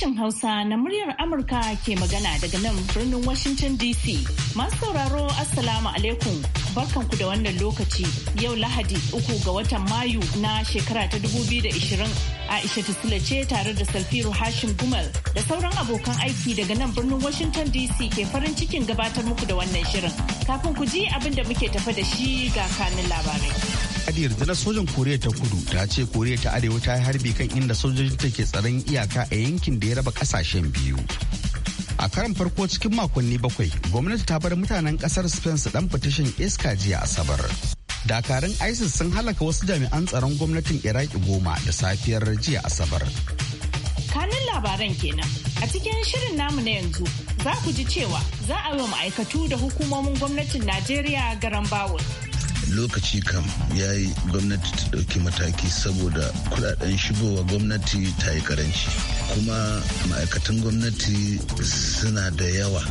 Sashen Hausa na muryar Amurka ke magana daga nan birnin Washington DC. Masu sauraro Assalamu alaikum barkanku da wannan lokaci yau Lahadi uku ga watan Mayu na shekara ta 2020 Aisha Tisila ce tare da Salfiru Hashim Gumal da sauran abokan aiki daga nan birnin Washington DC ke farin cikin gabatar muku da wannan shirin. Kafin ku ji abin da muke tafa da shi ga kanin labarai. kadiyar na sojan koriya ta kudu ta ce koriya ta arewa ta yi harbi kan inda sojojin ta ke tsaron iyaka a yankin da ya raba kasashen biyu a karan farko cikin makonni bakwai gwamnati ta bar mutanen kasar spain su dan fitishin iska jiya asabar dakarun isis sun halaka wasu jami'an tsaron gwamnatin iraki goma da safiyar jiya asabar kanun labaran kenan a cikin shirin namu na yanzu za ku ji cewa za a yi wa ma'aikatu da hukumomin gwamnatin najeriya garan bawul lokaci kam ya yi gwamnati ta ɗauki mataki saboda kudaden shigowa gwamnati ta yi karanci kuma ma'aikatan gwamnati suna da yawa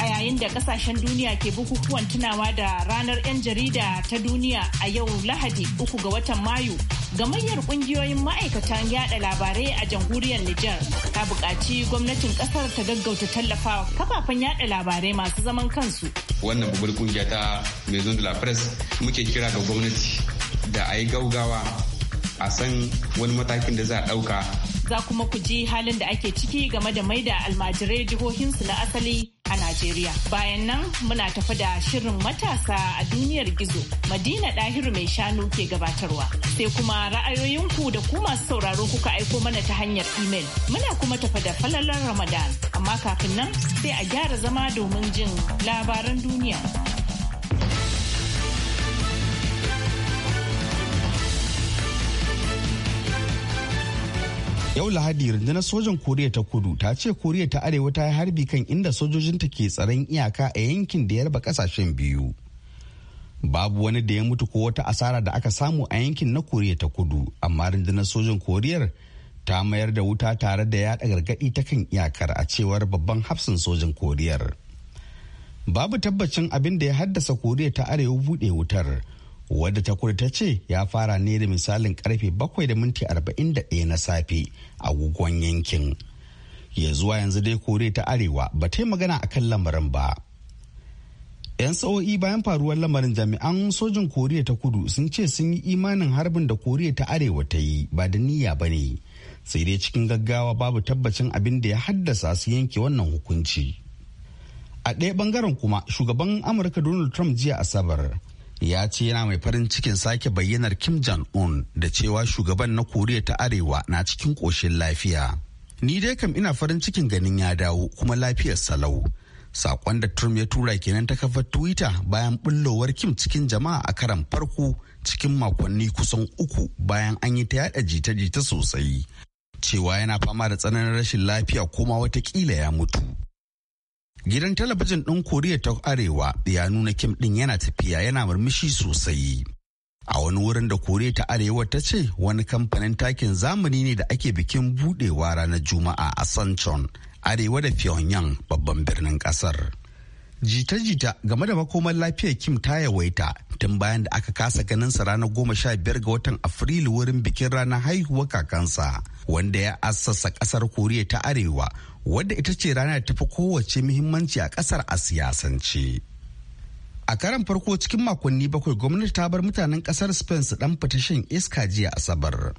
a yayin da kasashen duniya ke bukukuwan tunawa da ranar 'yan jarida ta duniya a yau lahadi uku ga watan mayu gamayyar kungiyoyin ma'aikatan yada labarai a jamhuriyar Nijar ta buƙaci gwamnatin ƙasar ta gaggauta tallafa kafafen yada labarai masu zaman kansu. Wannan babbar kungiya ta Maison de la Presse muke kira ga gwamnati da ayi gaugawa a san wani matakin da za a ɗauka za kuma ku ji halin da ake ciki game da maida almajirai jihohinsu na asali a Najeriya. Bayan nan muna tafi da shirin matasa a duniyar gizo, Madina ɗahiru mai shanu ke gabatarwa. Sai kuma ra'ayoyinku da ku masu sauraro kuka aiko mana ta hanyar imel. Muna kuma tafi da falalar Ramadan, amma kafin nan sai a gyara zama domin jin labaran duniya. yau lahadi rundunar sojan koriya ta kudu ta ce koriya ta arewa ta yi harbi kan inda sojojinta ke tsaron iyaka a yankin da ya raba kasashen biyu babu wani da ya mutu ko wata asara da aka samu a yankin na koriya ta kudu amma rundunar sojan koriyar ta mayar da wuta tare da yada gargadi ta kan iyakar a cewar babban hafsin sojan koriyar babu tabbacin abin da ya haddasa koriya ta arewa buɗe wutar wadda ta kudu ta ce ya fara ne da misalin karfe bakwai da minti na safe a agogon yankin ya zuwa yanzu dai kore ta arewa ba ta yi magana a kan lamarin ba yan sa'o'i bayan faruwar lamarin jami'an sojin koriya ta kudu sun ce sun yi imanin harbin da koriya ta arewa ta yi ba da niyya ba ne sai dai cikin gaggawa babu tabbacin abin da ya haddasa su yanke wannan hukunci a ɗaya bangaren kuma shugaban amurka donald trump jiya asabar ya ce yana mai farin cikin sake bayyanar kim jong-un da cewa shugaban na koriya ta arewa na cikin ƙoshin lafiya ni dai kam ina farin cikin ganin ya dawo kuma lafiyar salau sakon da trump ya tura kenan ta kafar twitter bayan bullowar kim cikin jama'a a karan farko cikin makonni kusan uku bayan an yi ta yada jita-jita sosai cewa yana fama da tsananin rashin lafiya kuma watakila ya mutu Gidan talabijin ɗin Koriya ta Arewa ya nuna Kim ɗin yana tafiya yana murmushi sosai. A wani wurin da Koriya ta Arewa ta ce wani kamfanin takin zamani ne da ake bikin buɗewa ranar Juma'a a Sanchon, arewa da Pyongyang babban birnin ƙasar. Jita-jita game da makoman lafiyar Kim ta yawaita tun bayan da aka kasa ganin sa ranar goma sha biyar ga watan Afrilu wurin bikin ranar haihuwar kakansa wanda ya assasa ƙasar Koriya ta Arewa wadda ita ce rana da tafi kowace muhimmanci a kasar a siyasance. A karan farko cikin makonni bakwai gwamnati ta bar mutanen kasar Spain su dan fita shan iska jiya Asabar.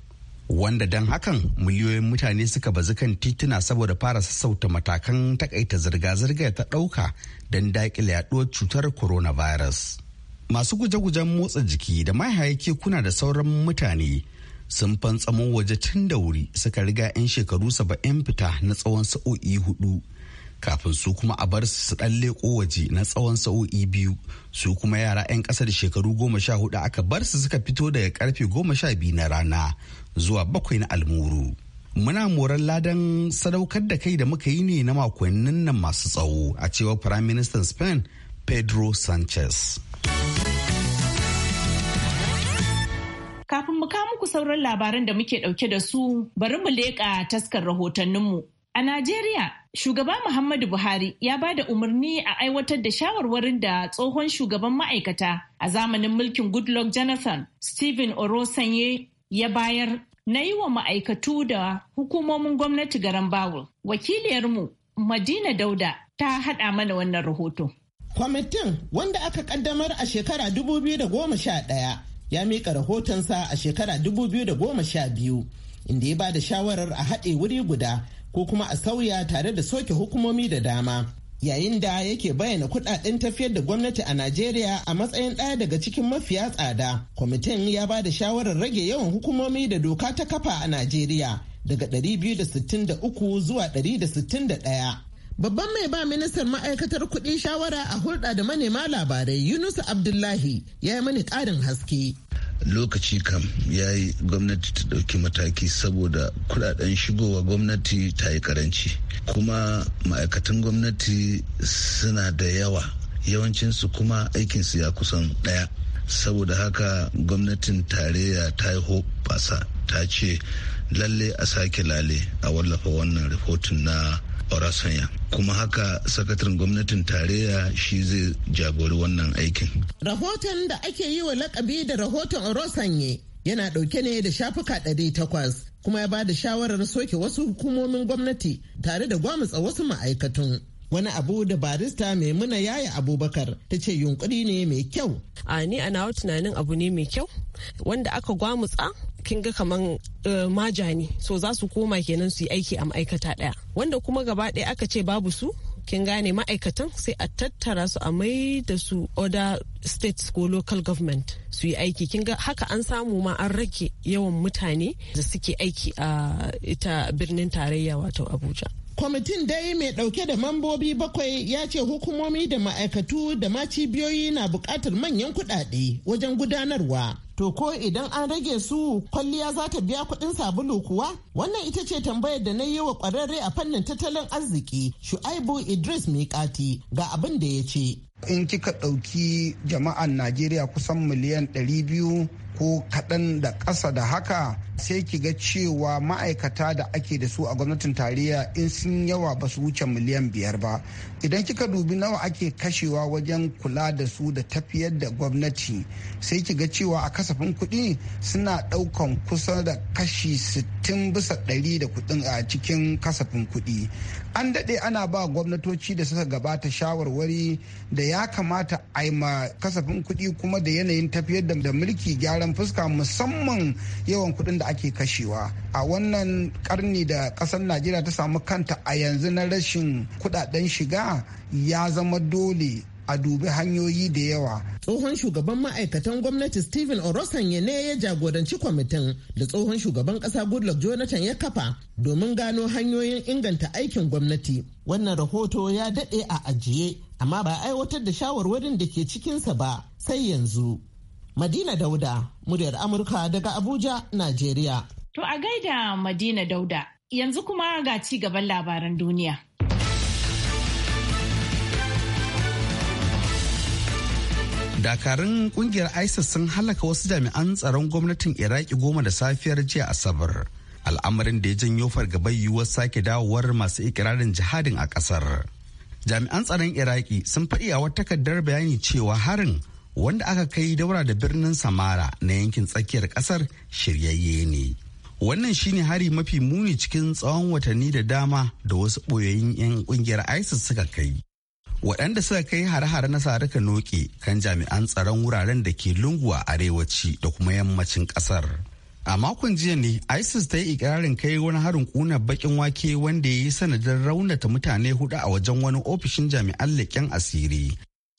Wanda don hakan miliyoyin mutane suka bazu kan tituna saboda fara sassauta matakan takaita zirga-zirga ta ɗauka don daƙile yaɗuwar cutar coronavirus. Masu guje-gujen motsa jiki da mahaye kekuna da sauran mutane sun fantsamo waje tun da wuri suka riga 'yan shekaru saba'in fita na tsawon sa'o'i hudu kafin su kuma a bar su dan leko waje na tsawon sa'o'i biyu su kuma yara 'yan kasar shekaru goma sha hudu aka bar su suka fito daga karfe goma sha biyu na rana zuwa bakwai na almuru muna moran ladan sadaukar da kai da muka yi ne na makonnin nan masu tsawo a cewar firaministan spain pedro sanchez mu kawo muku sauran labaran da muke dauke da su bari mu leƙa taskar rahotanninmu. A Najeriya, shugaba Muhammadu Buhari ya ba da umarni a aiwatar da shawarwarin da tsohon shugaban ma'aikata a zamanin mulkin Goodluck Jonathan, Stephen Orosanye ya bayar na yi wa ma'aikatu da hukumomin gwamnati garan Bawul. Wakiliyarmu Madina Dauda ta haɗa mana wannan rahoto. Kwamitin wanda aka kaddamar a shekara 2011 ya mika rahotonsa a shekara 2012 inda ya ba da shawarar a haɗe wuri guda ko kuma a sauya tare da soke hukumomi da dama yayin da yake bayyana kudaden tafiyar da gwamnati a najeriya a matsayin ɗaya daga cikin mafiya tsada kwamitin ya ba da shawarar rage yawan hukumomi da doka ta kafa a najeriya daga 263 zuwa 161 Babban mai ba ministan ma'aikatar kuɗi shawara a hulɗa da manema labarai Yunus Abdullahi ya yi mani ƙarin haske. Lokaci kam ya yi gwamnati ta ɗauki mataki saboda kuɗaɗen shigowa gwamnati ta yi karanci. Kuma ma'aikatan gwamnati suna da yawa, yawancinsu kuma aikinsu ya kusan ɗaya. Saboda haka gwamnatin tarayya ta yi ta ce lalle a sake lale a wallafa wannan rahoton na sanya Kuma haka sakataren gwamnatin tarayya shi zai jagori wannan aikin. Rahoton da ake yi wa lakabi da rahoton rosanye yana ɗauke ne da shafuka ɗari takwas kuma ya ba da shawarar soke wasu hukumomin gwamnati tare da gwamutsa wasu ma'aikatun. wani abu da barista mai muna yaya abubakar ta ce yunkuri ne mai kyau a ni a nawa tunanin abu ne mai kyau wanda aka gwamutsa kin ga kaman eh, maja ne so za su koma kenan su yi aiki a ma'aikata daya wanda kuma gaba daya aka ce babu su kin gane ma'aikatan sai a tattara su a mai da su oda states ko local government su yi aiki kin ga haka an samu ma an rage yawan mutane da suke aiki a ita birnin tarayya wato abuja kwamitin dai mai dauke da mambobi bakwai ya ce hukumomi da ma'aikatu da ma cibiyoyi na bukatar manyan kuɗaɗe wajen gudanarwa to ko idan an rage su kwalliya za ta biya kuɗin sabulu kuwa wannan ita ce tambayar da na yi wa ƙwararre a fannin tattalin arziki shu'aibu idris mikati ga abin da ya ce in kika ɗauki jama'an najeriya kusan miliyan 200 ko kaɗan da ƙasa da haka sai ki ga cewa ma'aikata da ake da su a gwamnatin tarayya in sun yawa ba su wuce miliyan biyar ba idan kika dubi nawa ake kashewa wajen kula da su da tafiyar da gwamnati sai ki ga cewa a kasafin kuɗi suna ɗaukan kusa da kashi tun bisa ɗari da kuɗin a cikin kasafin kuɗi an daɗe ana ba gwamnatoci da suka gabata shawarwari da ya kamata a yi ma kasafin kuɗi kuma da yanayin tafiyar da mulki gyaran fuska musamman yawan kuɗin da ake kashewa a wannan karni da ƙasar najeriya ta samu kanta a yanzu na rashin kuɗaɗen shiga ya zama dole a dubi hanyoyi da yawa. Tsohon shugaban ma'aikatan gwamnati Stephen Orosanye ne ya jagoranci kwamitin da tsohon shugaban ƙasa Goodluck Jonathan ya kafa domin gano hanyoyin inganta aikin gwamnati. Wannan rahoto ya daɗe a ajiye, amma ba aiwatar da shawarwarin da ke cikinsa ba sai yanzu. Madina Dauda, muryar Amurka daga Abuja, Najeriya. To a gaida Madina Dauda, yanzu kuma ga ci gaban labaran duniya. dakarun kungiyar isis sun halaka wasu jami'an tsaron gwamnatin iraki goma da safiyar jiya asabar al'amarin da ya janyo fargabar yiwuwar sake dawowar masu ikirarin jihadin a kasar jami'an tsaron iraki sun faɗi a wata takardar bayani cewa harin wanda aka kai daura da birnin samara na yankin tsakiyar kasar shiryayye ne wannan shine hari mafi muni cikin tsawon watanni da dama da wasu ɓoyoyin 'yan kungiyar isis suka kai waɗanda suka kai hare-hare na sarika noke kan jami'an tsaron wuraren da ke lungu arewaci da kuma yammacin ƙasar. a makon jiya ne isis ta yi ikirarin kai wani harin kuna bakin wake wanda ya yi sanadin raunata mutane hudu a wajen wani ofishin jami'an leƙen asiri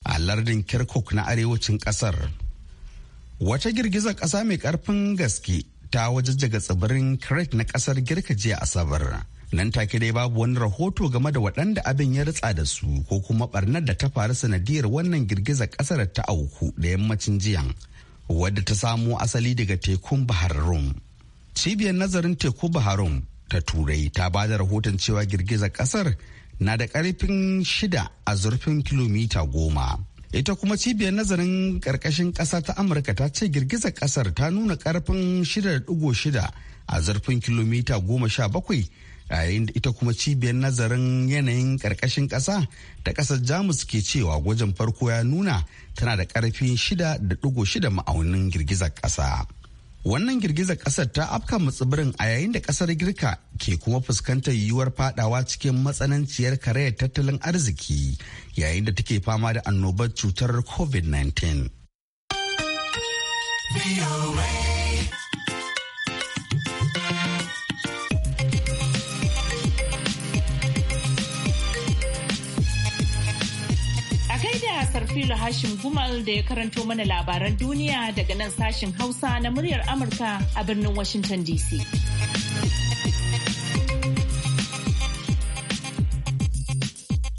a lardin kirkuk na arewacin ƙasar wata girgizar ƙasa mai ƙarfin gaske ta wajajjaga tsibirin crete na ƙasar girka jiya asabar nan take dai babu wani rahoto game da waɗanda abin ya ritsa da su ko kuma ɓarnar da ta faru sanadiyar wannan girgizar ƙasar ta auku da yammacin jiya. wadda ta samo asali daga tekun bahar rum cibiyar nazarin teku bahar rum ta turai ta ba da rahoton cewa girgizar ƙasar na da ƙarfin shida a zurfin kilomita goma ita kuma cibiyar nazarin ƙarƙashin ƙasa ta amurka ta ce girgizar ƙasar ta nuna ƙarfin shida da shida a zurfin kilomita goma sha bakwai yayin da ita kuma cibiyar nazarin yanayin ƙarƙashin ƙasa ta ƙasar jamus ke cewa gwajin farko ya nuna tana da ƙarfin 6.6 ma'aunin girgizar ƙasa wannan girgizar ƙasar ta afka tsibirin a yayin da ƙasar girka ke kuma fuskantar yiwuwar fadawa cikin matsananciyar karayar tattalin arziki yayin da take fama da annobar cutar covid-19 Sarfila Hashim Gumal da ya karanto mana labaran duniya daga nan sashin Hausa na muryar Amurka a birnin Washington DC.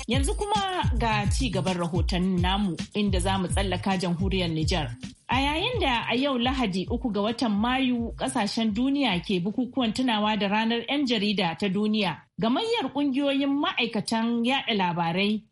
Yanzu kuma ga ci gaban rahoton namu inda za mu tsallaka jamhuriyar Nijar. A yayin da a yau Lahadi uku ga watan Mayu kasashen duniya ke bukukuwan tunawa da ranar 'yan jarida ta duniya, gamayyar ƙungiyoyin ma'aikatan yaɗa labarai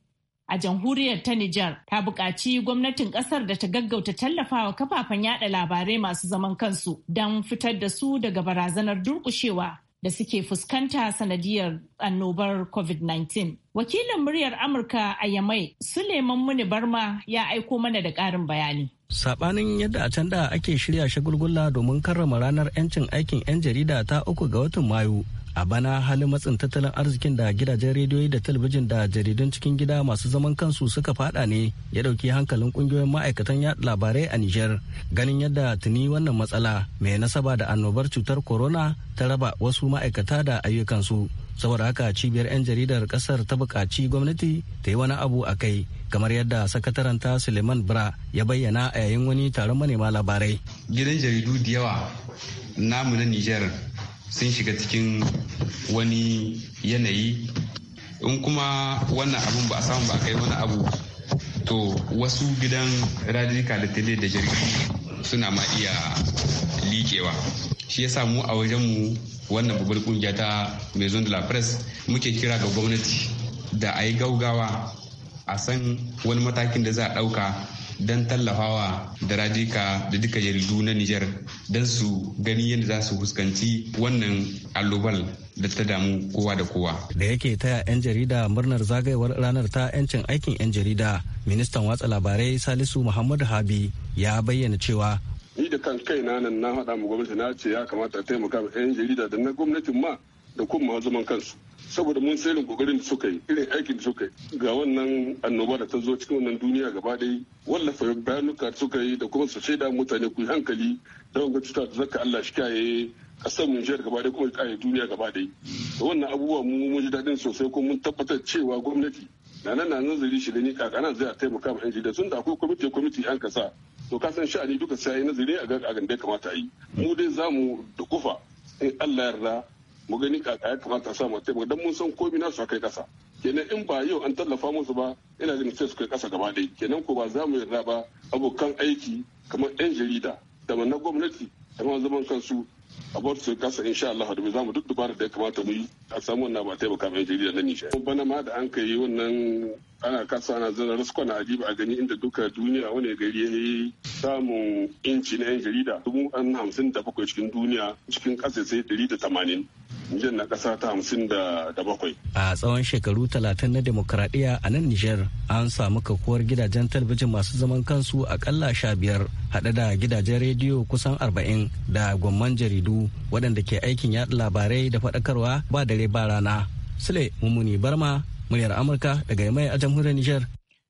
a jamhuriyar ta Nijar ta buƙaci gwamnatin ƙasar da ta gaggauta tallafawa kafafen yada labarai masu zaman kansu don fitar da su daga barazanar durƙushewa da suke fuskanta sanadiyar annobar COVID-19. Wakilin muryar Amurka a Yamai, Suleiman Muni Barma ya aiko mana da ƙarin bayani. Saɓanin yadda a can da ake shirya shagulgula domin karrama ranar 'yancin aikin 'yan jarida ta uku ga watan Mayu. a bana halin matsin tattalin arzikin da gidajen rediyoyi da talabijin da jaridun cikin gida masu zaman kansu suka fada ne ya dauki hankalin kungiyoyin ma'aikatan yaɗa labarai a Nijar ganin yadda tuni wannan matsala mai nasaba da annobar cutar corona ta raba wasu ma'aikata da ayyukansu saboda haka cibiyar 'yan jaridar kasar ta buƙaci gwamnati ta yi wani abu a kai kamar yadda sakataranta suleiman bra ya bayyana a yayin wani taron manema labarai gidan jaridu da yawa namu na nijar sun shiga cikin wani yanayi in kuma wannan abin ba a samu ba kai wani abu to wasu gidan radika da tele da jirgi suna ma iya likewa shi ya samu a wajenmu wannan babbar kungiya ta maison de la presse muke kira ga gwamnati da a yi gaugawa a san wani matakin da za a ɗauka don tallafawa da radika da duka jaridu na Nijar don su gani yadda za su fuskanci wannan allobal da ta damu kowa da kowa. Da yake taya 'yan jarida murnar zagayewar ranar ta 'yancin aikin 'yan jarida, ministan watsa labarai Salisu Muhammadu Habi ya bayyana cewa ni da kan kai na nan na haɗa mu gwamnati na ce ya kamata a taimaka 'yan jarida da na gwamnatin ma da kuma zaman kansu. saboda mun sairin kokarin da suka yi irin aikin da suka yi ga wannan annoba da ta zo cikin wannan duniya gaba ɗaya wallafa bayanuka da suka yi da kuma su shaida mutane ku yi hankali don ga cuta da zaka Allah shi kaye kasar mun jihar gaba ɗaya kuma kaye duniya gaba ɗaya wannan abubuwa mu mun ji daɗin sosai kuma mun tabbatar cewa gwamnati na nan na nazari shi da ni kakana zai a taimaka ma yan jida tun da akwai kwamiti kwamiti an kasa to ka san sha'ani duka sai nazari a ga da kamata a yi mu dai za mu da kufa in Allah yarda mu gani kaka ya kamata a sa mu taimaka don mun san komi su kai kasa kenan in ba yau an tallafa musu ba ina jin sai su kai kasa gaba dai. kenan ko ba za mu yarda ba abokan aiki kamar yan jarida da na gwamnati da ma zaman kansu a bar su kasa insha Allah da za mu duk dubara da ya kamata mu yi a samu wannan ba taimaka ma yan jarida na nishaɗi. bana ma da an kai wannan ana kasa na zanar suka na adiba a gani inda duka duniya wani gari ya yi samun inci na yan jarida dubu an hamsin da bakwai cikin duniya cikin kasa sai dari da tamanin jan na kasa ta hamsin da bakwai. A tsawon shekaru talatin na demokuraɗiyya a nan Nijar an samu kakuwar gidajen talabijin masu zaman kansu akalla sha biyar haɗe da gidajen rediyo kusan arba'in da gwamman jaridu waɗanda ke aikin yaɗa labarai da faɗakarwa ba dare ba rana. Sule Mumuni Barma muryar Amurka daga Yamai a jamhuriyar Nijar.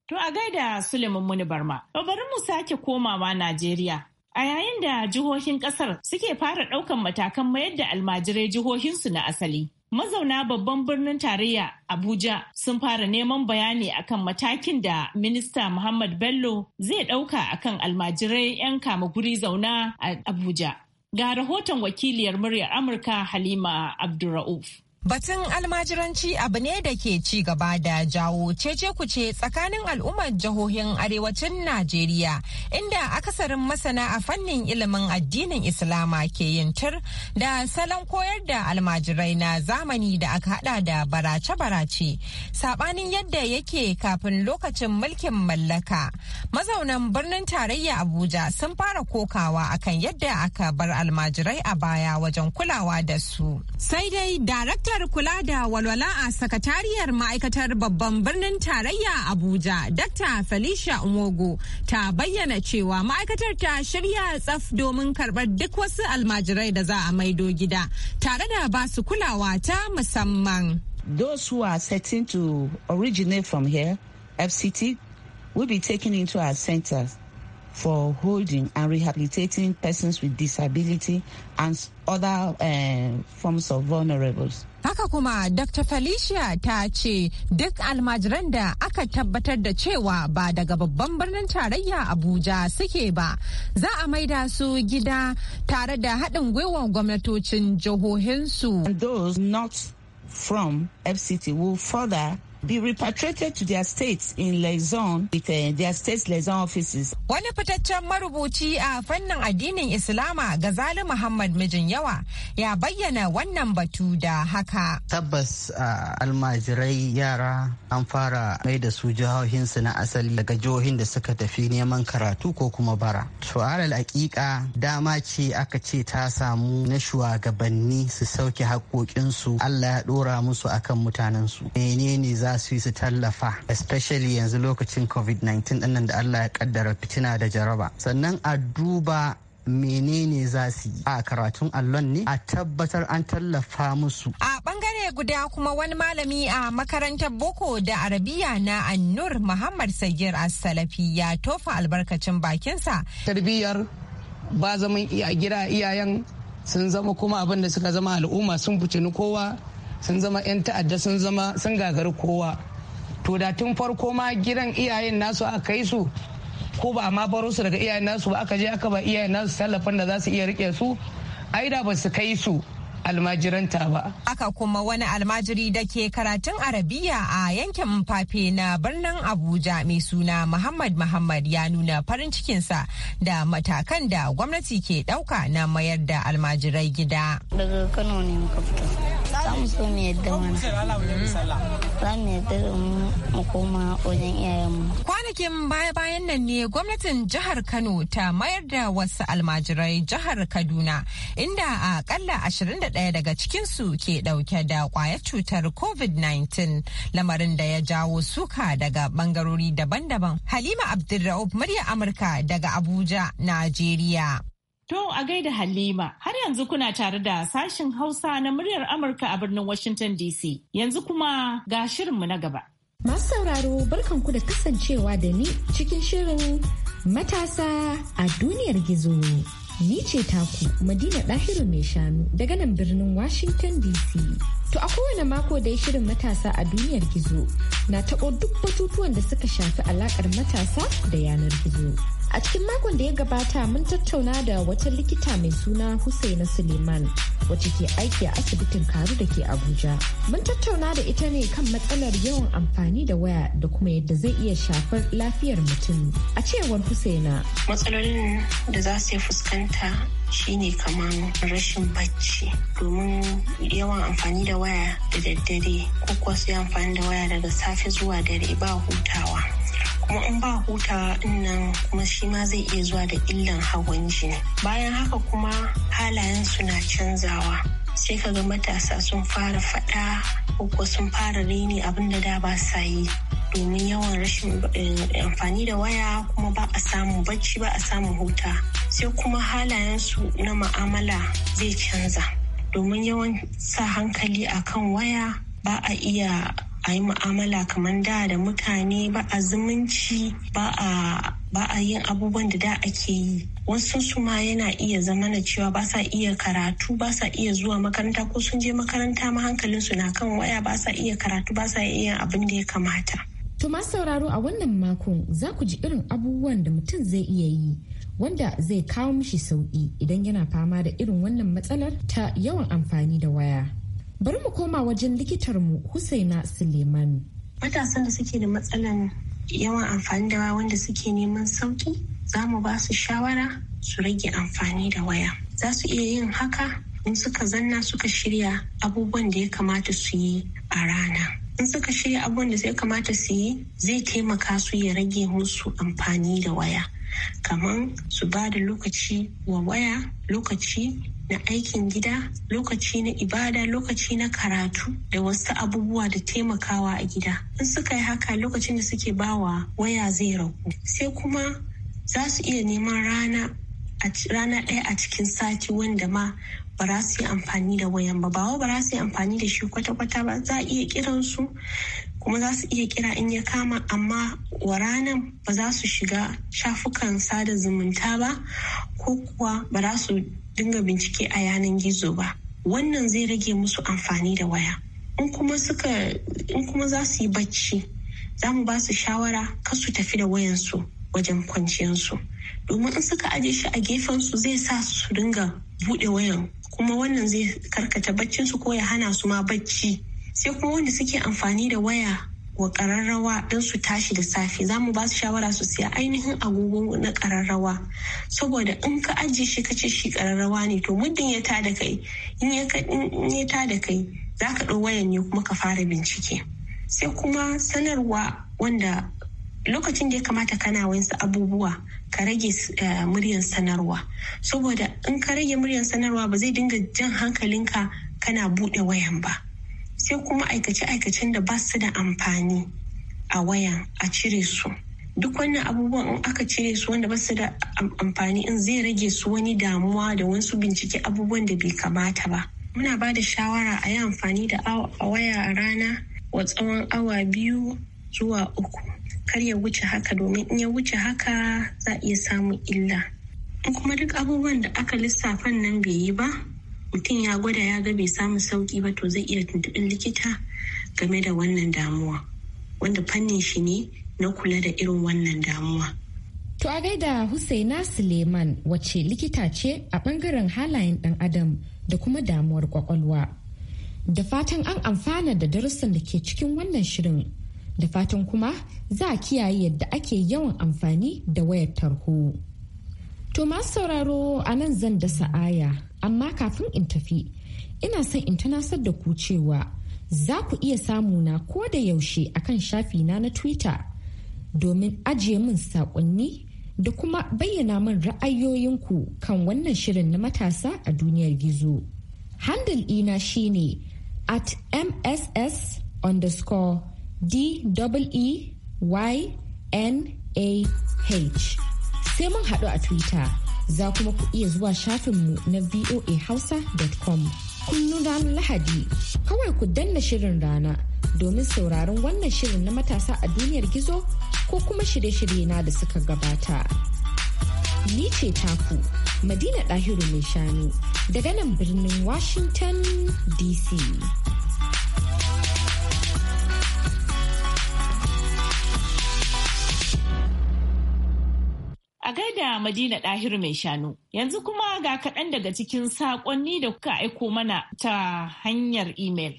To a gaida Suleiman Muni Barma, babarin mu sake komawa Najeriya. A yayin da jihohin kasar suke fara ɗaukan matakan mayar da almajirai jihohinsu na asali. Mazauna babban birnin tarayya Abuja sun fara neman bayani akan matakin da Minista Muhammad Bello zai ɗauka akan almajirai 'yan kama guri zauna a Abuja. Ga rahoton wakiliyar muryar Amurka Halima Abdulra'uf. Batun almajiranci abu ne da ke ci gaba da jawo cece-kuce tsakanin al'ummar jihohin arewacin Najeriya inda akasarin masana a fannin ilimin addinin Islama ke yin tur da salon koyar da almajirai na zamani da aka hada da barace-barace. Sabanin yadda yake kafin lokacin mulkin mallaka. Mazaunan birnin tarayya Abuja sun fara kokawa akan yadda aka bar almajirai a baya wajen kulawa da su. Sai dai darakta Daraktar kula da walwala a sakatariyar ma'aikatar babban birnin tarayya Abuja, Dr. Felicia Umogo, ta bayyana cewa ma'aikatar ta shirya tsaf domin karɓar duk wasu almajirai da za a maido gida, tare da ba su kulawa ta musamman. Those who are setting to originate from here, FCT, will be taken into our centers. for holding and rehabilitating persons with disability and other uh, forms of vulnerables. Haka kuma Dr. Felicia ta ce duk almajiran da aka tabbatar da cewa ba daga babban birnin tarayya Abuja suke ba za a maida su gida tare da haɗin gwiwar gwamnatocin jihohinsu. And those not from FCT will further be repatriated to their states in liaison with uh, their states liaison offices. Wani fitaccen marubuci a fannin addinin Islama Gazali Muhammad Mijin Yawa ya bayyana wannan batu da haka. Tabbas uh, almajirai yara an fara mai da su jihohinsu na asali daga jihohin da suka tafi neman karatu ko kuma bara. To alal hakika dama ce aka ce ta samu na shugabanni su sauke haƙoƙinsu Allah ya ɗora musu akan mutanensu. Menene za za su yi su tallafa especially yanzu lokacin covid-19 dinnan da allah ya kaddara fitina da jaraba sannan a duba menene za su yi a karatun allon ne a tabbatar an tallafa musu a bangare guda kuma wani malami a makarantar boko da arabiya na annur muhammad sagir as-salafi ya tofa albarkacin bakinsa tarbiyyar ba zaman gida iyayen sun zama kuma abin da suka zama al'umma sun ni kowa sun zama 'yan ta'adda sun zama sun gagari kowa to da tun farko ma gidan iyayen nasu aka kai su ko ba ma baro su daga iyayen nasu ba aka je aka ba iyayen nasu tallafin da za su iya rike su ai da ba su kai su almajiranta ba. Aka kuma wani almajiri da ke karatun Arabiya a yankin Mfafe na birnin Abuja mai suna Muhammad Muhammad ya nuna farin cikinsa da matakan da gwamnati ke ɗauka na mayar da almajirai gida. Daga Kano ne muka fito. Za mu so mu yadda mana. Za mu yadda mu koma wajen iyayenmu. Kwanakin baya-bayan nan ne gwamnatin jihar Kano ta mayar da wasu almajirai jihar Kaduna inda a akalla 21 ɗaya daga cikinsu ke ɗauke da ƙwayar cutar covid-19 lamarin da ya jawo suka daga ɓangarori daban-daban halima abdulra'ub murya amurka daga abuja najeriya To a gaida Halima, har yanzu kuna tare da sashen Hausa na muryar Amurka a birnin Washington DC. Yanzu kuma ga shirinmu na gaba. Masu sauraro barkanku da kasancewa da ni cikin shirin matasa a duniyar gizo. Ni ce taku Madina Dahiru mai shanu daga nan birnin Washington DC. To a kowane mako da ya shirin matasa a duniyar gizo na taɓo duk batutuwan da suka shafi alaƙar matasa da yanar gizo. A cikin makon da ya gabata mun tattauna da wata likita mai suna Husaina Suleiman wacce ke aiki a asibitin Karu da ke Abuja. Mun tattauna da ita ne kan matsalar yawan amfani da waya da kuma yadda zai iya shafar lafiyar mutum. A cewar Husaina. Matsalolin da za su fuskanta shine kamar rashin bacci domin yawan amfani da waya da daddare ko kuwa su amfani da waya daga safe zuwa dare ba hutawa. kuma in ba hutawa nan kuma shi ma zai iya zuwa da illan hawan jini bayan haka kuma halayen su na canzawa sai ka ga matasa sun fara fada ko sun fara reni abinda da ba sa yi domin yawan rashin eh, amfani da waya kuma ba a samu bacci ba a samun huta sai kuma halayensu na ma'amala zai canza domin yawan sa hankali akan waya ba a iya a yi mu'amala kamar da da mutane ba a zumunci ba a yin abubuwan da da ake yi wasu su ma yana iya zama na cewa ba sa iya karatu ba sa iya zuwa makaranta ko sun je makaranta ma hankalinsu na kan waya ba sa iya karatu ba sa iya abin da ya kamata To masu sauraro a wannan makon za ku ji irin abubuwan da mutum zai iya yi wanda zai kawo mishi sauƙi idan yana fama da irin wannan matsalar ta yawan amfani da waya. Bari mu koma wajen likitarmu Husaina Suleiman. Matasan da suke da matsalan yawan amfani da waya wanda suke neman sauki za mu ba su shawara su rage amfani da waya. Za su iya yin haka in suka zanna suka shirya abubuwan da ya kamata su yi a rana. in suka shirya abubuwan da zai kamata su yi zai taimaka su ya rage musu amfani da waya kamar su ba da lokaci wa waya lokaci na aikin gida lokaci na ibada lokaci na karatu da wasu abubuwa da taimakawa a gida in suka yi haka lokacin da suke bawa waya zai ragu sai kuma za su iya neman rana rana ɗaya a cikin sati wanda ma ba za su yi amfani da wayan ba ba ba za su yi amfani da shi kwata-kwata ba za a iya kiran su kuma za su iya kira in ya kama amma wa ranan ba za su shiga shafukan sada zumunta ba ko kuwa ba za su dinga bincike a yanan gizo ba wannan zai rage musu amfani da waya in kuma suka za su yi bacci za mu ba su shawara kar su tafi da wayansu wajen kwanciyarsu domin in suka aje shi a gefen su zai sa su dinga buɗe wayan kuma wannan zai karkata baccinsu ko ya hana su ma bacci sai kuma wanda suke amfani da waya wa kararrawa don su tashi da safe za mu ba su shawara su siya ainihin agogo na kararrawa saboda in ka ajiye shi ka ce shi kararrawa ne to muddin ya tada kai in ya tada kai za ka ɗau wayan ne kuma ka fara bincike sai kuma sanarwa wanda lokacin da ya kamata kana wayansu abubuwa ka rage eh, muryan sanarwa saboda in ka rage muryan sanarwa ba zai dinga jan hankalinka kana buɗe wayan ba. sai kuma aikace-aikacen da ba su da amfani a waya a cire su duk wannan abubuwan in aka cire su wanda ba su da amfani in zai rage su wani damuwa da wasu bincike abubuwan da bai kamata ba muna ba da shawara a yi amfani da a waya a rana wa tsawon awa biyu zuwa uku kar ya wuce haka domin in ya wuce haka za a iya samun illa in kuma duk abubuwan da aka lissafan nan bai yi ba mutum ya gwada ya ga bai samu sauki ba to zai iya tuntuɓin likita game da wannan damuwa wanda fannin shi ne na kula da irin wannan damuwa. To a gaida Husaina Suleiman wacce likita ce a bangaren halayen dan adam da kuma damuwar kwakwalwa. Da fatan an amfana da darussan da ke cikin wannan shirin da fatan kuma za a kiyaye yadda ake yawan amfani da wayar tarho. To masu sauraro a nan zan da sa'aya, amma kafin in tafi, ina son in tunasar da ku cewa za ku iya na ko da yaushe akan shafi na na Twitter domin ajiye min saƙonni da kuma bayyana min ra'ayoyinku kan wannan shirin na matasa a duniyar gizo. Handle ina shine at mss underscore d w e, -E -Y -N -A -H. sai mun haɗu a Twitter. Za kuma ku iya zuwa shafinmu na voahausa.com. Kullum ranar Lahadi, kawai ku danna shirin rana domin sauraron wannan shirin na matasa a duniyar gizo ko kuma shirye-shirye na da suka gabata. Ni ce taku, Madina Ɗahiru mai shanu, daga nan birnin Washington DC. da Madina Ɗahiru mai shanu. Yanzu kuma ga kaɗan daga cikin saƙonni da kuka aiko mana ta hanyar imel.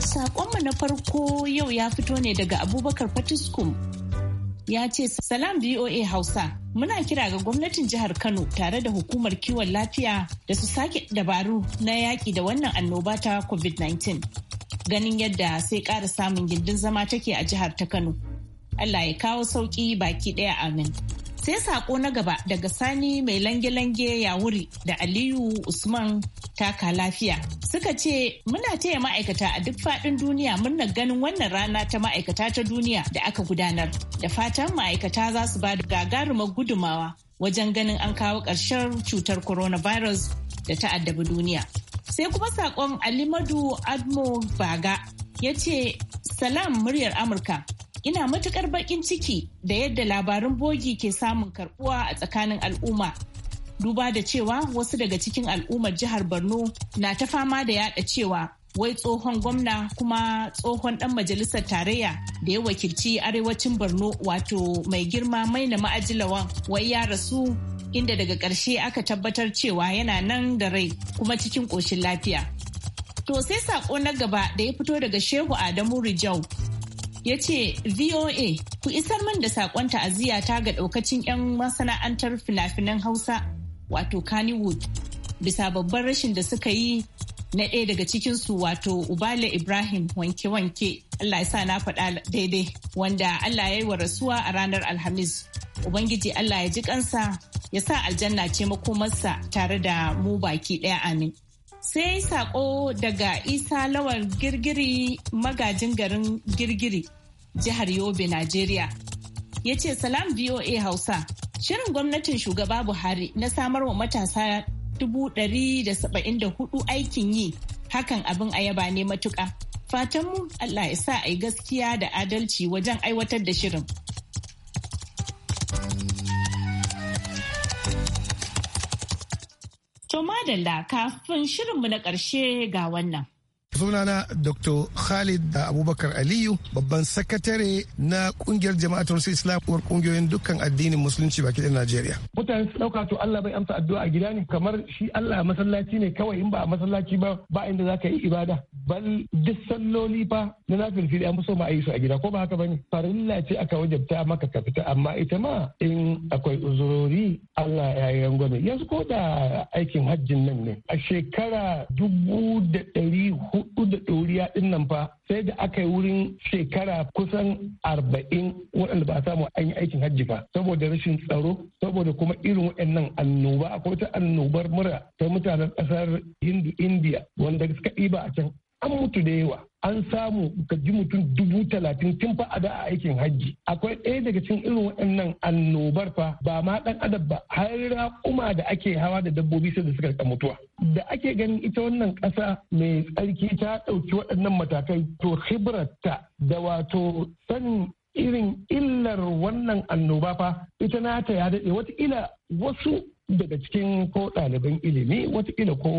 Saƙonmu na farko yau ya fito ne daga Abubakar Fatiskum ya ce salam BOA hausa muna kira ga gwamnatin jihar kano tare da hukumar kiwon lafiya da su sake dabaru na yaki da wannan annoba ta covid-19 ganin yadda sai ƙara samun gindin zama take a jihar ta kano allah ya kawo sauƙi baki ɗaya amin sai sako na gaba daga sani mai lange-lange ya wuri da aliyu usman taka lafiya suka ce muna taya ma'aikata a duk faɗin duniya murnar ganin wannan rana ta ma'aikata ta duniya da aka gudanar da fatan ma'aikata za su ba da gagarumar gudumawa wajen ganin an kawo ƙarshen cutar coronavirus da ta addabi duniya sai kuma sakon alimadu admo baga ya ce salam muryar amurka ina matukar bakin ciki da yadda labarun bogi ke samun karbuwa a tsakanin al'umma duba da cewa wasu daga cikin al'ummar jihar borno na ta fama da yada cewa wai tsohon gwamna kuma tsohon dan majalisar tarayya da ya wakilci arewacin borno wato mai girma mai na ma'ajilawan wai ya rasu inda daga ƙarshe aka tabbatar cewa yana nan da rai kuma cikin ƙoshin lafiya to sai sako na gaba da ya fito daga shehu adamu rijau ya ce VOA ku isar min da saƙon ta'aziyya ta ga ɗaukacin 'yan masana'antar fina-finan Hausa wato Kannywood bisa babban rashin da suka yi na ɗaya daga cikinsu wato Ubale Ibrahim wanke-wanke Allah ya sa na faɗa daidai wanda Allah ya yi wa rasuwa a ranar Alhamis. Ubangiji Allah ya ji kansa ya sa aljanna ce makomarsa tare da mu baki ɗaya amin. sai saƙo daga isa lawar girgiri magajin garin girgiri jihar yobe nigeria ya ce salam voa hausa shirin gwamnatin shugaba buhari na samar wa matasa 174 aikin yi hakan abin ayaba ne matuka fatanmu allah ya sa a gaskiya da adalci wajen aiwatar da shirin To madalla kafin shirinmu na ƙarshe ga wannan. sunana dr khalid abubakar aliyu babban sakatare na kungiyar jama'a islam uwar kungiyoyin dukkan addinin musulunci baki da najeriya mutane su dauka to allah bai amsa addu'a a gida ne kamar shi allah masallaci ne kawai in ba a masallaci ba ba inda zaka yi ibada bal duk salloli fa na nafilfili an fi so ma a yi su a gida ko ba haka bane farilla ce aka wajabta maka ka fita amma ita ma in akwai uzurori allah ya yi rangwame yanzu ko da aikin hajjin nan ne a shekara dubu da ɗari hudu da ɗoriya ɗin nan fa sai da aka yi wurin shekara kusan arba'in waɗanda ba a samu an yi aikin hajji ba saboda rashin tsaro saboda kuma irin waɗannan annoba akwai wata annobar mura ta mutanen ƙasar hindu india wanda suka ɗiba a can an mutu da yawa an samu gaji mutum dubu talatin tun fa a aikin hajji akwai ɗaya daga cikin irin waɗannan annobar fa ba ma ɗan adab ba har raƙuma da ake hawa da dabbobi sai da suka ka mutuwa da ake ganin ita wannan ƙasa mai tsarki ta ɗauki waɗannan matakai to hibrarta da wato sanin irin illar wannan annoba fa ita nata ya daɗe ila wasu daga cikin ko ɗaliban ilimi watakila ko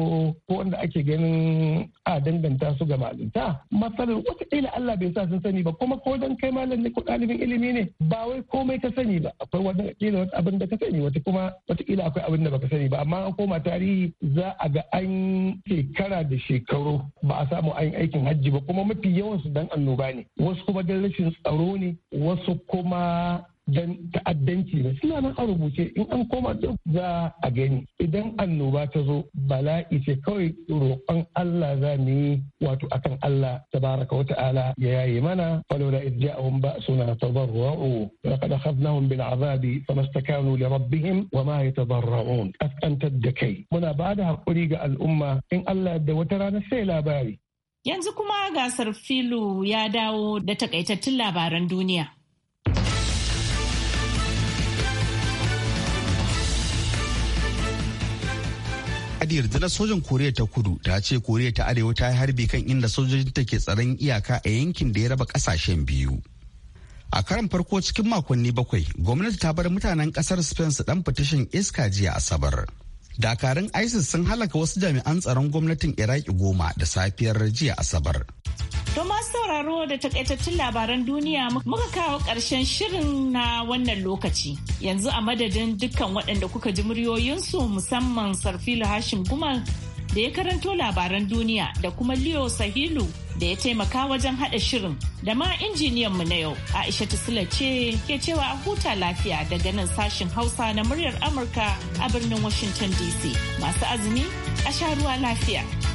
wanda ake ganin a danganta su ga malinta matsalar watakila Allah bai sa sun sani ba kuma ko dan kai malam ne ko ɗalibin ilimi ne ba wai komai ka sani ba akwai wani kila abin da ka sani wata kuma watakila akwai abin da baka sani ba amma an koma tarihi za a ga an shekara da shekaru ba a samu an aikin hajji ba kuma mafi yawansu dan annoba ne wasu kuma dan rashin tsaro ne wasu kuma Dan ta'addanci ba suna nan an rubuce in an koma duk za a gani idan annoba ta zo bala'i ce kawai roƙon Allah za mu yi wato akan Allah tabaraka wata'ala ya yaye mana falola idja'ahum ba'suna tadarra'u laqad akhadnahum bil azabi famastakanu li rabbihim wa ma yatadarra'un askantar da kai muna ba da haƙuri ga al'umma in Allah da wata rana sai labari Yanzu kuma gasar filu ya dawo da takaitattun labaran duniya. Hadi rundunar sojan Koriya ta Kudu ta ce Koriya ta Arewa ta yi harbi kan inda sojojin ta ke tsaron iyaka a yankin da ya raba kasashen biyu. A karan farko cikin makonni bakwai, gwamnati ta bar mutanen kasar Spain su dan fitishin iska jiya Asabar. Dakarun ISIS sun halaka wasu jami'an tsaron gwamnatin Iraki goma da safiyar jiya Asabar. To masu sauraro da takaitattun labaran duniya muka kawo ƙarshen shirin na wannan lokaci. Yanzu a madadin dukkan waɗanda kuka ji muryoyinsu musamman Sarfilu Hashim Gumal da ya karanto labaran duniya da kuma Leo Sahilu da ya taimaka wajen haɗa shirin da ma mu na yau Aisha Tisila ce ke cewa a huta lafiya daga nan sashin Hausa na muryar Amurka a birnin Washington DC. Masu azumi a sha ruwa lafiya.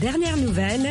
Dernière nouvelle...